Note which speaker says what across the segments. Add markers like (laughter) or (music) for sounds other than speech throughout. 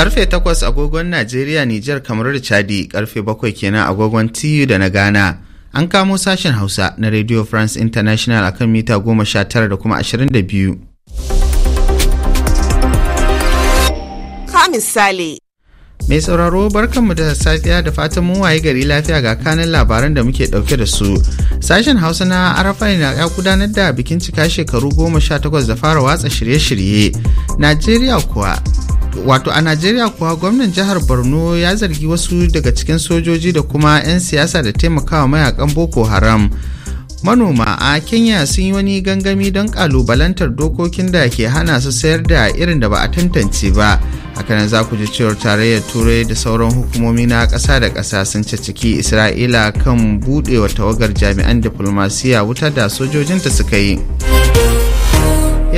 Speaker 1: Karfe takwas agogon Najeriya, Nijar, kamar da Chadi, karfe bakwai kenan agogon TU da na Ghana. An kamo sashen Hausa na Radio France International akan mita goma sha tara da kuma ashirin da biyu.
Speaker 2: Ka misali.
Speaker 1: Mai sauraro barkanmu da safiya da fatan mun waye gari lafiya ga kanin labaran da muke dauke da su. Sashen Hausa na Arafai na ya gudanar da bikin cika shekaru goma sha takwas da fara watsa shirye-shirye. Najeriya kuwa wato a najeriya kuwa gwamnan jihar borno ya zargi wasu daga cikin sojoji da kuma 'yan siyasa da taimakawa mayakan boko haram manoma a kenya sun yi wani gangami don kalubalantar dokokin da ke hana su sayar da irin da ba a tantance ba hakanan za ku ji cewar tarayyar turai da sauran hukumomi na ƙasa da ƙasa sun ciki isra'ila kan buɗewa tawagar jami'an diflomasiyya wuta da sojojinta suka yi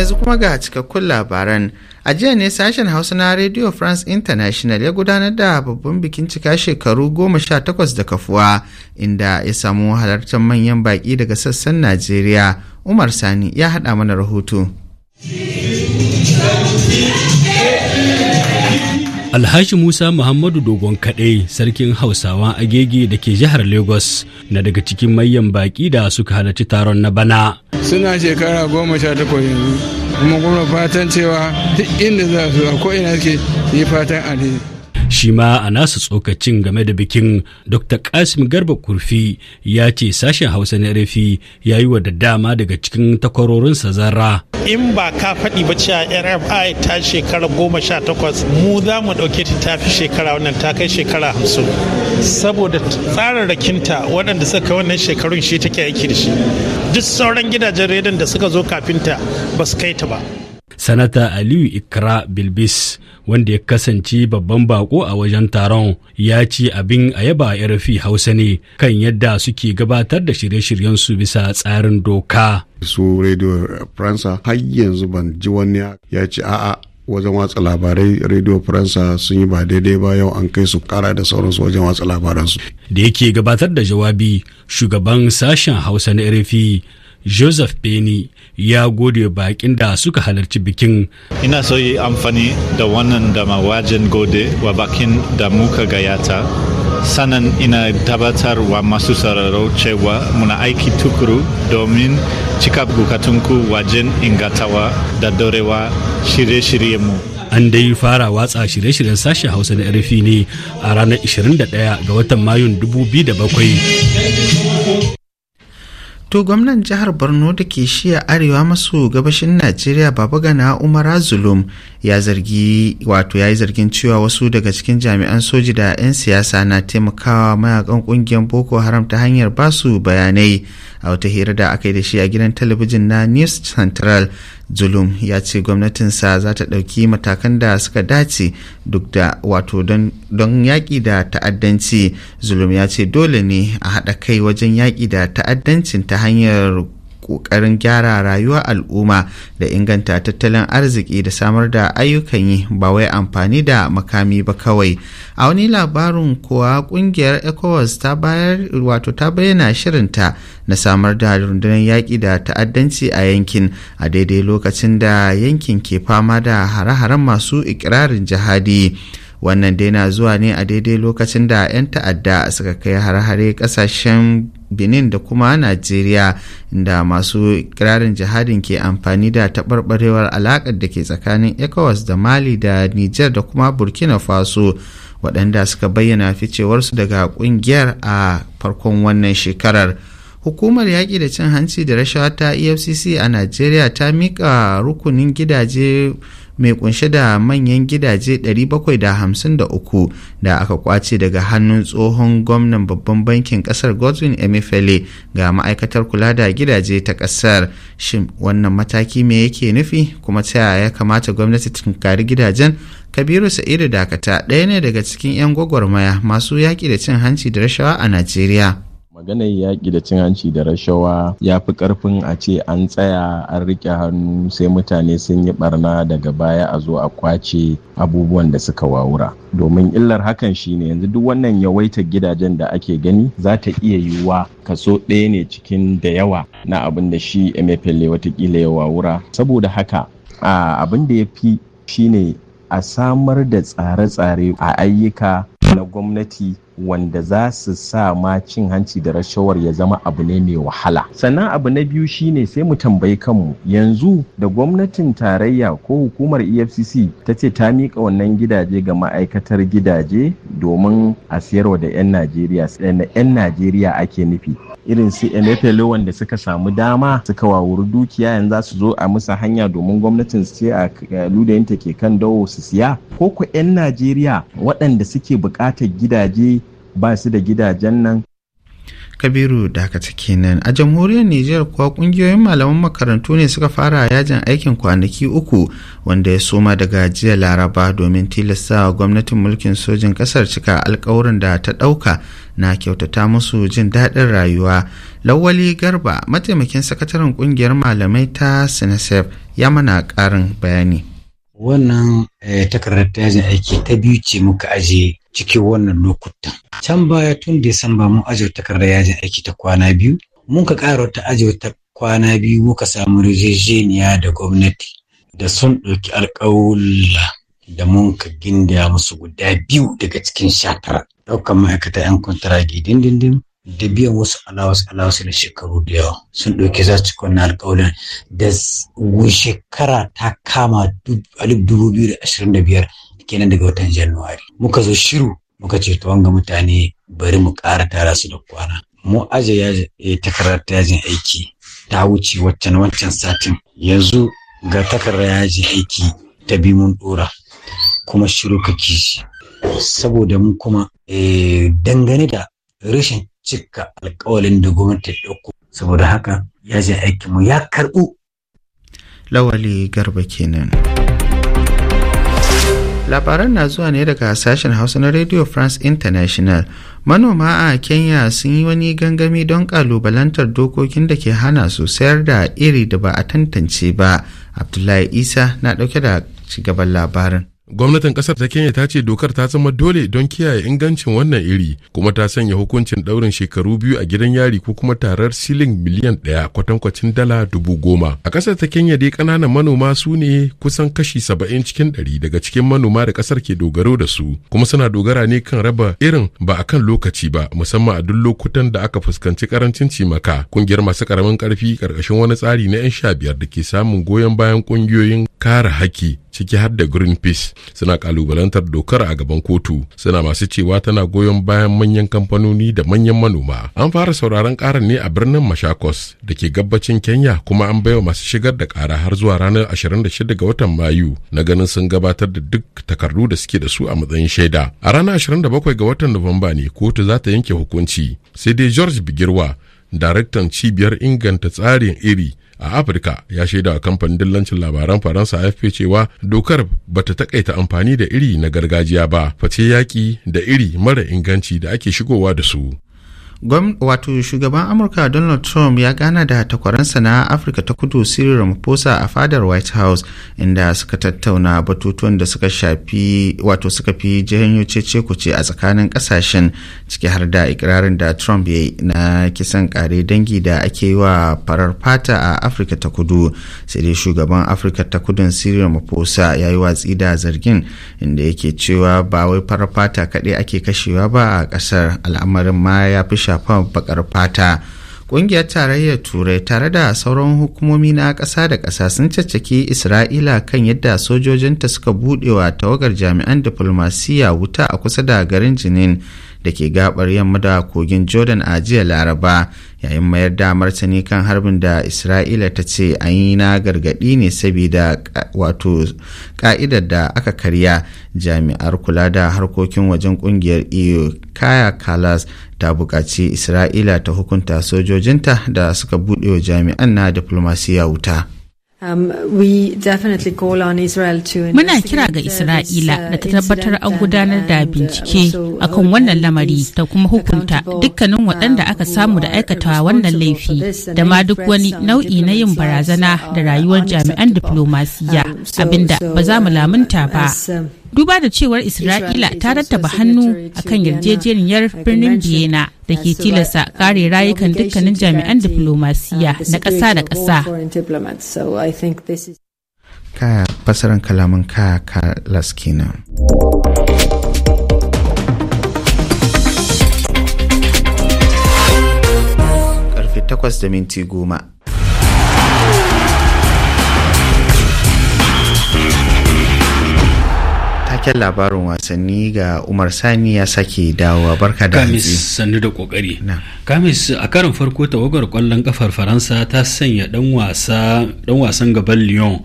Speaker 1: yanzu kuma ga cikakkun labaran. A jiya ne sashen Hausa na Radio France International ya gudanar da babban bikin cika shekaru goma sha takwas da kafuwa inda ya samu halartar manyan baƙi daga sassan Najeriya. Umar Sani ya haɗa mana rahoto. Alhaji Musa Muhammadu
Speaker 3: Dogon kaɗai sarkin Hausawa Agege da ke jihar Lagos na daga cikin mayan baƙi da suka halarci taron na bana.
Speaker 4: Suna shekara goma sha takwas yanzu, kuma kuma fatan cewa duk inda za su a ko ina suke yi fatan alheri.
Speaker 3: shi ma a nasu tsokacin game da bikin dr kasim garba kurfi ya ce sashen hausa na rafi ya yi wa da dama daga cikin takwarorinsa zarra
Speaker 4: in ba ka faɗi ba cewa rfi ta shekara goma sha takwas mu za mu ɗauke ta tafi shekara wannan ta kai shekara hamsin saboda tsararrakinta waɗanda suka wannan shekarun shi take aiki da shi duk sauran gidajen redon da suka zo kafinta ba su kai ta ba
Speaker 3: sanata aliyu ikra bilbis wanda ya kasance babban bako a wajen taron ya ce abin a yaba rfi hausa ne kan yadda suke gabatar da shirye shiryen su bisa tsarin doka su radio faransa har yanzu ban ji wani ya ce a'a wajen watsa labarai radio faransa sun yi ba daidai ba yau an kai su
Speaker 1: kara da sauransu wajen watsa labaransu
Speaker 3: da yake gabatar da jawabi shugaban sashen hausa na rfi joseph beni ya gode bakin da suka halarci bikin ina so yi amfani da wannan dama wajen gode wa bakin da muka gayata sannan ina tabbatar wa masu sauraro cewa muna aiki tukuru domin cika bukatunku wajen ingatawa da dorewa shirye-shiryenmu an dai fara watsa shirye-shiryen sashen hausa na rfi ne
Speaker 1: a ranar 21 ga watan mayun 2007 To gwamnan jihar Borno da ke shiya arewa maso gabashin Najeriya Baba Gana Umar Zulum ya zargi wato ya yi zargin cewa wasu daga cikin jami'an soji da 'yan siyasa na taimakawa mayakan kungiyar Boko Haram ta hanyar basu bayanai a wata hira da aka yi da shi a gidan talabijin na News Central zulum ya ce gwamnatinsa za ta ɗauki matakan da suka dace duk da wato don yaƙi da ta'addanci zulum ya ce dole ne a haɗa kai wajen yaƙi da ta'addancin ta hanyar ƙoƙarin gyara rayuwar al'umma da inganta tattalin arziki da samar da ayyukan yi ba wai amfani da makami ba kawai a wani labarin kowa, ƙungiyar ecowas ta bayar wato ta bayyana shirinta na samar da rundunar yaƙi da ta'addanci a yankin a daidai lokacin da yankin ke fama da hare-haren masu ikirarin jihadi wannan dai na zuwa ne a daidai lokacin da 'yan ta'adda suka kai hare-hare ƙasashen benin da kuma najeriya da masu kirarin jihadin ke amfani da taɓarɓarewar alaƙar da ke tsakanin ecowas da mali da niger da kuma burkina faso waɗanda suka bayyana ficewarsu daga ƙungiyar a farkon wannan shekarar hukumar yaƙi da cin hanci da rashawa ta efcc a najeriya ta miƙa rukunin gidaje mai kunshe da manyan gidaje 753 da aka kwace daga hannun tsohon gwamnan babban bankin kasar godwin emefele ga ma'aikatar kula da gidaje ta kasar shin wannan mataki me yake nufi kuma ta ya kamata gwamnati kari gidajen kabiru sa'idu dakata ɗaya ne daga cikin 'yan gwagwarmaya masu yaƙi da cin hanci da rashawa a najeriya maganar yaƙi da cin hanci da
Speaker 5: rashawa ya fi ƙarfin a ce an tsaya an riƙe hannu sai mutane sun yi barna daga baya a zo a kwace abubuwan da suka wawura domin illar hakan shine yanzu duk wannan yawaitar gidajen da ake gani za ta iya yiwuwa kaso ɗaya ne cikin da yawa na abin da shi emefele watakila ya wawura saboda haka abin da ya fi shine a samar da tsare-tsare a ayyuka na gwamnati wanda za su sa ma cin hanci da rashawar ya zama abu ne mai wahala sannan abu na biyu shine sai mu tambayi kanmu yanzu da gwamnatin tarayya ko hukumar efcc ta ce ta miƙa wannan gidaje ga ma'aikatar gidaje domin a siyarwa da 'yan najeriya 'yan najeriya ake nufi irin su emefele wanda suka samu dama suka wawuri dukiya yanzu za su zo a musu hanya domin gwamnatin su ce a ta ke kan dawo su siya ko ku 'yan najeriya waɗanda suke buƙatar gidaje ba su da gidajen nan
Speaker 1: kabiru da aka cike nan a jamhuriyar nijar kuwa kungiyoyin malaman makarantu ne suka fara yajin aikin kwanaki uku wanda ya soma daga jiya laraba domin tilasta gwamnatin mulkin sojin kasar cika alkawarin da ta ɗauka na kyautata musu jin daɗin rayuwa lawali garba mataimakin sakataren kungiyar malamai ta sinasef ya mana karin bayani
Speaker 6: wannan eh, takardar ta yajin aiki ta biyu ce muka ajiye. cikin wannan lokutan. Can baya tun Disamba mun ajiye takardar yajin aiki ta kwana biyu, mun ka ƙara ta ajiyar ta kwana biyu muka samu rijejeniya da gwamnati da sun ɗauki alƙawulla da mun ka gindaya musu guda biyu daga cikin shatara. ɗaukar ma'aikata 'yan kwantaragi dindindin da biyan wasu alawas alawas na shekaru da yawa sun ɗauki za su kwanna alƙawulan da shekara ta kama alif dubu biyu da ashirin da biyar kenan daga watan Januwari. Muka zo shiru muka ce to wanga mutane bari mu ƙara tara su da kwana. Mu aje eh, takarar yajin aiki ta wuce waccan waccan satin yanzu ga takarar yajin aiki ta bi mun ɗora kuma shiru ka kishi. Saboda mun kuma eh, dangane da rashin cika alkawalin da gwamnati ta ɗauko saboda haka yajin aikinmu ya karɓu. Lawali Garba kenan.
Speaker 1: labaran na zuwa ne daga sashen hausa na radio france international manoma a kenya sun yi wani gangami don kalubalantar dokokin da ke hana su sayar da iri da ba a tantance ba abdullahi isa na ɗauke da cigaban labarin
Speaker 4: gwamnatin kasar ta kenya ta ce dokar ta zama dole don kiyaye ingancin wannan iri kuma ta sanya hukuncin daurin shekaru biyu a gidan yari ko kuma tarar silin miliyan daya kwatankwacin dala dubu goma a kasar ta kenya dai kananan manoma su ne kusan kashi saba'in cikin ɗari daga cikin manoma da kasar ke dogaro da su kuma suna dogara ne kan raba irin ba a kan lokaci ba musamman a duk lokutan da aka fuskanci karancin cimaka kungiyar masu ƙaramin karfi karkashin wani tsari na yan sha biyar da ke samun goyon bayan kungiyoyin kare haki ciki har da greenpeace suna kalubalantar dokar a gaban kotu suna masu cewa tana goyon bayan manyan kamfanoni da manyan manoma an fara sauraron karar ne a birnin mashakos da ke gabacin kenya kuma an baiwa masu shigar da kara har zuwa ranar 26 ga watan mayu na ganin sun gabatar da duk takardu da suke da su a matsayin shaida a ranar 27 ga watan nuwamba ne kotu za ta yanke hukunci sai dai george bigirwa daraktan cibiyar inganta tsarin iri a afirka ya shaida kamfanin dillancin labaran faransa afp cewa dokar bata takaita amfani da iri na gargajiya ba face yaki da iri mara inganci da ake shigowa da su
Speaker 1: wato shugaban amurka donald trump ya gana da takwaransa na afirka ta kudu siri ramaphosa a fadar white house inda suka tattauna batutuwan da suka shafi wato suka fi jihanyo cece kuce a tsakanin kasashen ciki har da ikirarin da trump ya yi na kisan kare dangi da ake yi wa farar fata a afirka ta kudu sai dai shugaban afirka ta kudun siri ramaphosa ya yi watsi da zargin inda yake cewa ba wai farar fata kaɗai ake kashewa ba a kasar al'amarin ma ya fi shafa bakar fata ƙungiyar tarayyar turai tare da sauran hukumomi na ƙasa da ƙasa sun caccaki isra'ila kan yadda sojojinta suka buɗewa tawagar jami'an diflomasiyya wuta a kusa da garin jinin da ke gabar yamma da kogin jordan a jiya laraba yayin mayar da martani kan harbin da isra'ila ta ce an yi na gargadi ne saboda wato ka'idar da aka karya jami'ar kula da harkokin wajen kungiyar eu kaya kalas ta buƙaci isra'ila ta hukunta sojojinta da suka buɗe wa jami'an na diplomasiya wuta
Speaker 4: Um, Muna
Speaker 2: kira ga Isra'ila uh, da ta tabbatar an gudanar da uh, bincike akan wannan lamari da kuma hukunta dukkanin waɗanda aka um, samu da aikatawa wannan laifi da ma duk wani nau'i na yin uh, barazana da rayuwar jami'an diplomasiya um, abinda ba za mu lamunta ba. duba da cewar isra'ila ta rattaba hannu akan yarjejeniyar birnin biyena da ke tilasta uh, kare rayukan dukkanin jami'an uh, diflomasiya na ƙasa da ƙasa
Speaker 1: ka fasaran kalaman ka ka laskina karfe takwas da minti goma cikakken labarin wasanni ga umar sani ya sake dawowa barka da kamis sannu
Speaker 3: da kokari
Speaker 1: kamis a karin farko tawagar kwallon kafar
Speaker 3: faransa ta sanya dan wasan gaban lyon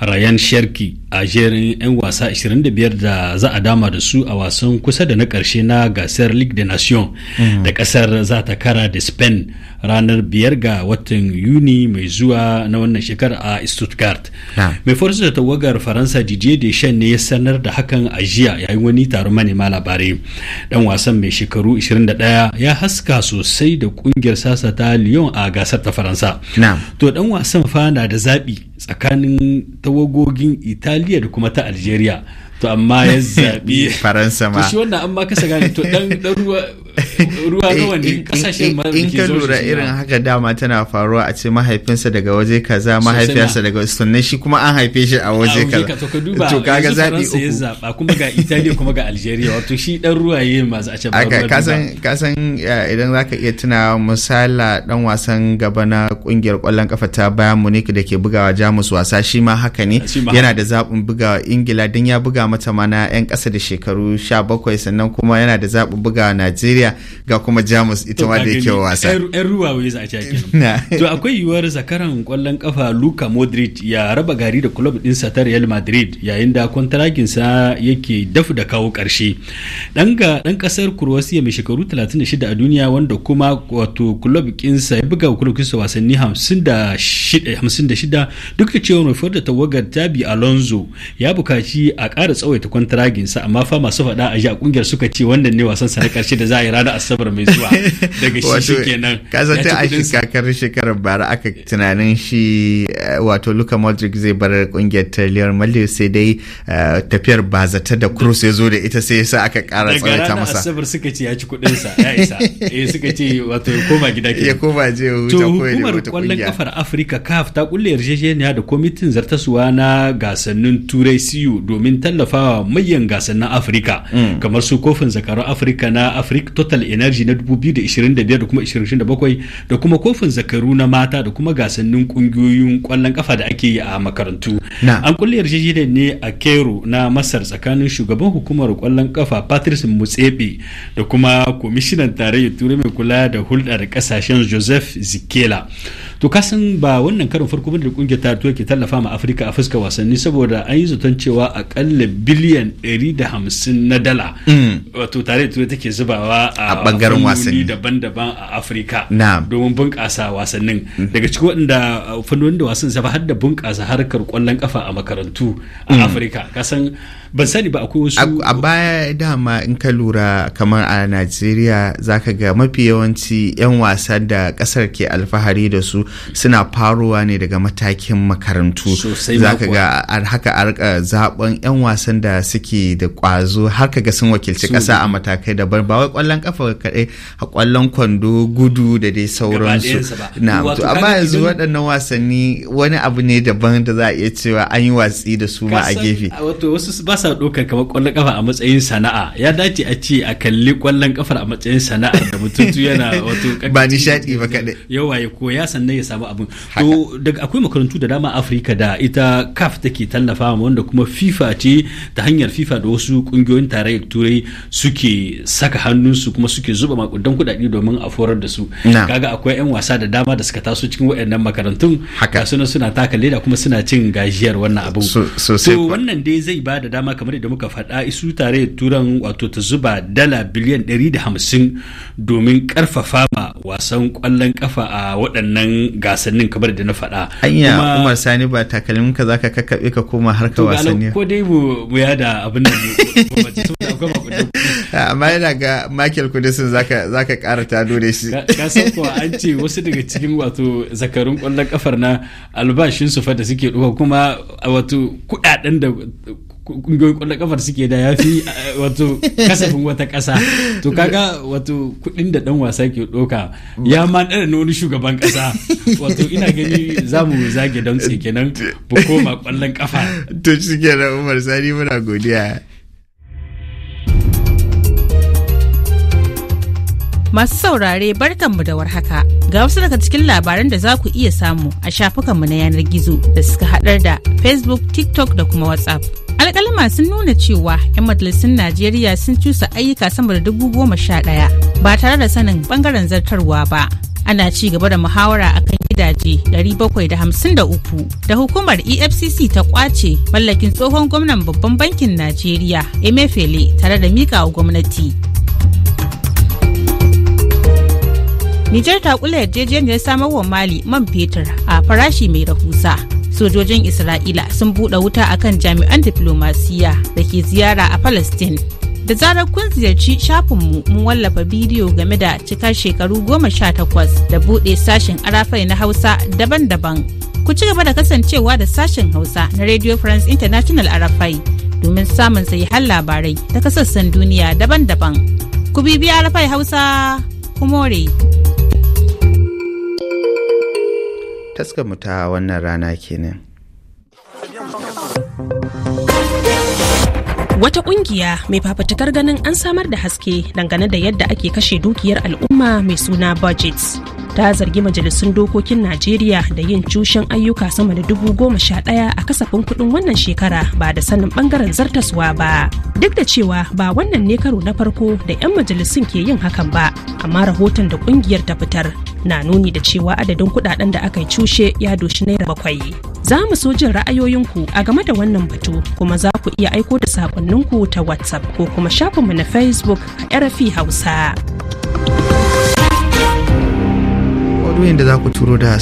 Speaker 3: rayan sharki a jerin 'yan wasa 25 da za a dama da su a wasan kusa da na ƙarshe na gasar Ligue de nation mm. da ƙasar za ta kara da spain ranar biyar ga watan yuni mai zuwa na wannan shekar a stuttgart mai farsu da tawagar faransa didier deschamps ne ya sanar da hakan a jiya yayin wani taron manema labarai dan wasan mai shekaru 21 ya haska sosai da kungiyar sasa ta lyon a gasar ta faransa to dan wasan fa na da zaɓi tsakanin tawagogin italiya da kuma ta algeria to amma ya zaɓi
Speaker 1: (laughs) faransa ma to shi
Speaker 3: wannan an ma kasa gane to dan ruwa ruwa ga eh, wani kasashe ma in ka lura irin haka
Speaker 1: dama tana faruwa a ce mahaifinsa daga waje kaza mahaifiyarsa daga sannan shi kuma an haife shi a waje kaza to ka kaga zaɓi uku ya
Speaker 3: zaɓa kuma ga Italiya kuma ga Algeria wato shi dan ruwaye za a can aka kasan
Speaker 1: kasan idan zaka iya tuna misala dan wasan gaba na kungiyar kwallon kafa ta bayan Munich da ke bugawa Jamus wasa shi ma haka ne yana da zaɓin bugawa Ingila dan ya buga mata mana 'yan ƙasa da shekaru 17 sannan kuma yana da zaɓi buga Najeriya ga kuma Jamus ita ma da yake wasa.
Speaker 3: 'Yan ruwa wai za a ce (laughs) To akwai yiwuwar zakaran ƙwallon ƙafa Luka Modric ya raba gari da kulob ɗinsa ta Real Madrid yayin da sa yake dafu da kawo ƙarshe. Ɗan ƙasar Kurwasiya mai shekaru 36 a duniya wanda kuma wato kulob kinsa ya buga kulob kinsa wasanni 56 duk da cewa mai da tawagar Tabi Alonso ya bukaci a ƙara tsawaita sa amma fa masu faɗa a ja kungiyar suka ce wannan ne wasan sa na karshe da za a yi ranar asabar mai zuwa daga shi shikenan kasan tun a
Speaker 1: kakar shekarar bara aka tunanin shi eh, wato Luka Modric zai bar kungiyar ta Real Madrid sai dai eh, tafiyar bazata da Cruz ya zo da ita sai yasa aka ƙara tsawaita masa asabar
Speaker 3: suka ce ya ci kuɗin sa ya isa eh suka ce wato ya koma gida ke ya koma je huta ko wata kungiya kwallon kafar Afrika CAF ta kulle yarjejeniya da kwamitin zartasuwa na gasannin Turai CU domin tallafa tallafawa manyan gasannin afirka mm. kamar su kofin zakarun afirka na afrik total energy na 2025 da kuma 2027 da kuma kofin zakaru na mata da kuma gasannin kungiyoyin kwallon kafa da ake yi a makarantu an kulle yarjejeniya ne a kero na masar tsakanin shugaban hukumar kwallon kafa patrice mutsebe da kuma kwamishinan tarayyar turai mai kula da hulɗa da kasashen joseph zikela to kasan ba wannan karin farko bane da kungiyar ta tuwa ke tallafa ma afirka a fuska wasanni saboda an yi zaton cewa akalla biliyan 150 na dala mm. wato tare da take zubawa a bangaren wasanni daban-daban a afirka domin bunƙasa wasannin mm. daga cikin waɗanda uh, fannonin da wasan zaba har da bunƙasa harkar ƙwallon ƙafa a makarantu a mm. afirka kasan ban sani ba akwai wasu
Speaker 1: a baya dama in ka lura kamar a najeriya zaka ga mafi yawanci 'yan wasa da ƙasar ke alfahari da su suna farowa ne daga matakin makarantu za ka ga haka a rika zaben yan wasan da suke da kwazo har ka ga sun wakilci kasa a matakai daban ba wai kwallon kafa kaɗai a kwallon kwando gudu da dai sauransu na amma yanzu waɗannan wasanni wani abu ne daban da za a iya cewa an yi watsi da su ma a gefe
Speaker 3: wato wasu ba sa ɗaukar kamar kwallon kafa a matsayin sana'a ya dace a ce a kalli kwallon kafar a matsayin sana'a da mutum yana wato (laughs) ba shaɗi ba kaɗai yawa ya koya sannan ya samu abin to daga akwai makarantu da dama afirka da ita caf take tallafa wanda kuma fifa ce ta hanyar fifa da wasu kungiyoyin tarayyar turai suke saka su kuma suke zuba makudan kudade domin a forar da su kaga akwai yan wasa da dama da suka taso cikin waɗannan makarantun haka suna suna taka leda kuma suna cin gajiyar wannan abin
Speaker 1: so
Speaker 3: wannan dai zai ba da dama kamar yadda muka faɗa isu tarayyar turan wato ta zuba dala biliyan 150 domin karfafa kama wasan kwallon kafa a waɗannan gasannin kamar da na faɗa. Hanya Umar
Speaker 1: Sani ba takalmin ka zaka kakkaɓe ka koma harka wasanni. Ko dai mu ya da abin da (laughs) amma yana ga Michael Kudisun zaka zaka ƙara ta dole shi. Gasan
Speaker 3: kuwa an ce wasu daga cikin wato zakarun kwallon kafar na albashin su fa da suke ɗuwa kuma wato kuɗaɗen da kungiyoyin kwallon kafar suke da ya fi eh, wato kasafin wata ƙasa to kaga wato kuɗin da ɗan wasa ke doka ya ma ɗara na wani shugaban ƙasa wato ina gani
Speaker 1: za mu zage don ce kenan bu koma kwallon kafa to shi kenan umar sani muna godiya
Speaker 2: Masu saurare barkanmu da warhaka ga wasu daga cikin labaran da za ku iya samu a shafukanmu na yanar gizo da suka haɗar da Facebook, TikTok da kuma WhatsApp. alƙalima sun nuna cewa 'yan majalisun najeriya sun cusa ayyuka sama da dubu goma sha ɗaya ba tare da sanin bangaren zartarwa ba ana ci gaba da muhawara a kan gidaje ɗari bakwai da hamsin da da uku, hukumar efcc ta kwace mallakin tsohon gwamnan babban bankin najeriya emefele tare da mika wa gwamnati Nijar ta kula yarjejeniyar samarwa Mali man fetur a farashi mai rahusa. sojojin isra'ila sun buɗe wuta akan jami'an diplomasiya da ke ziyara a palestine da zarar kun ziyarci shafinmu mun wallafa bidiyo game da cika shekaru goma sha takwas da buɗe sashen arafai na hausa daban-daban ku ci gaba da kasancewa da sashen hausa na radio france international arafai domin samun sahihan labarai ta kasassan duniya daban-daban ku bibiya arafai hausa kumore.
Speaker 1: taskar muta wannan rana kenan.
Speaker 2: Wata ƙungiya, mai fafatakar ganin an samar da haske dangane da yadda ake kashe dukiyar al'umma mai suna budgets. Ta zargi majalisun dokokin Najeriya da yin cushen ayyuka sama da dubu goma sha ɗaya a kasafin kuɗin wannan shekara ba da sanin ɓangaren zartaswa ba. Duk da cewa ba wannan ne karo na farko da 'yan majalisun ke yin hakan ba, amma rahoton da ƙungiyar ta fitar na nuni da cewa adadin kudaden da aka cushe ya doshi naira bakwai. Za mu so jin ra'ayoyinku a game da wannan batu kuma za ku iya aiko da sakonninku ta WhatsApp ko kuma shafinmu na Facebook a RFI Hausa.
Speaker 6: da za ku turo da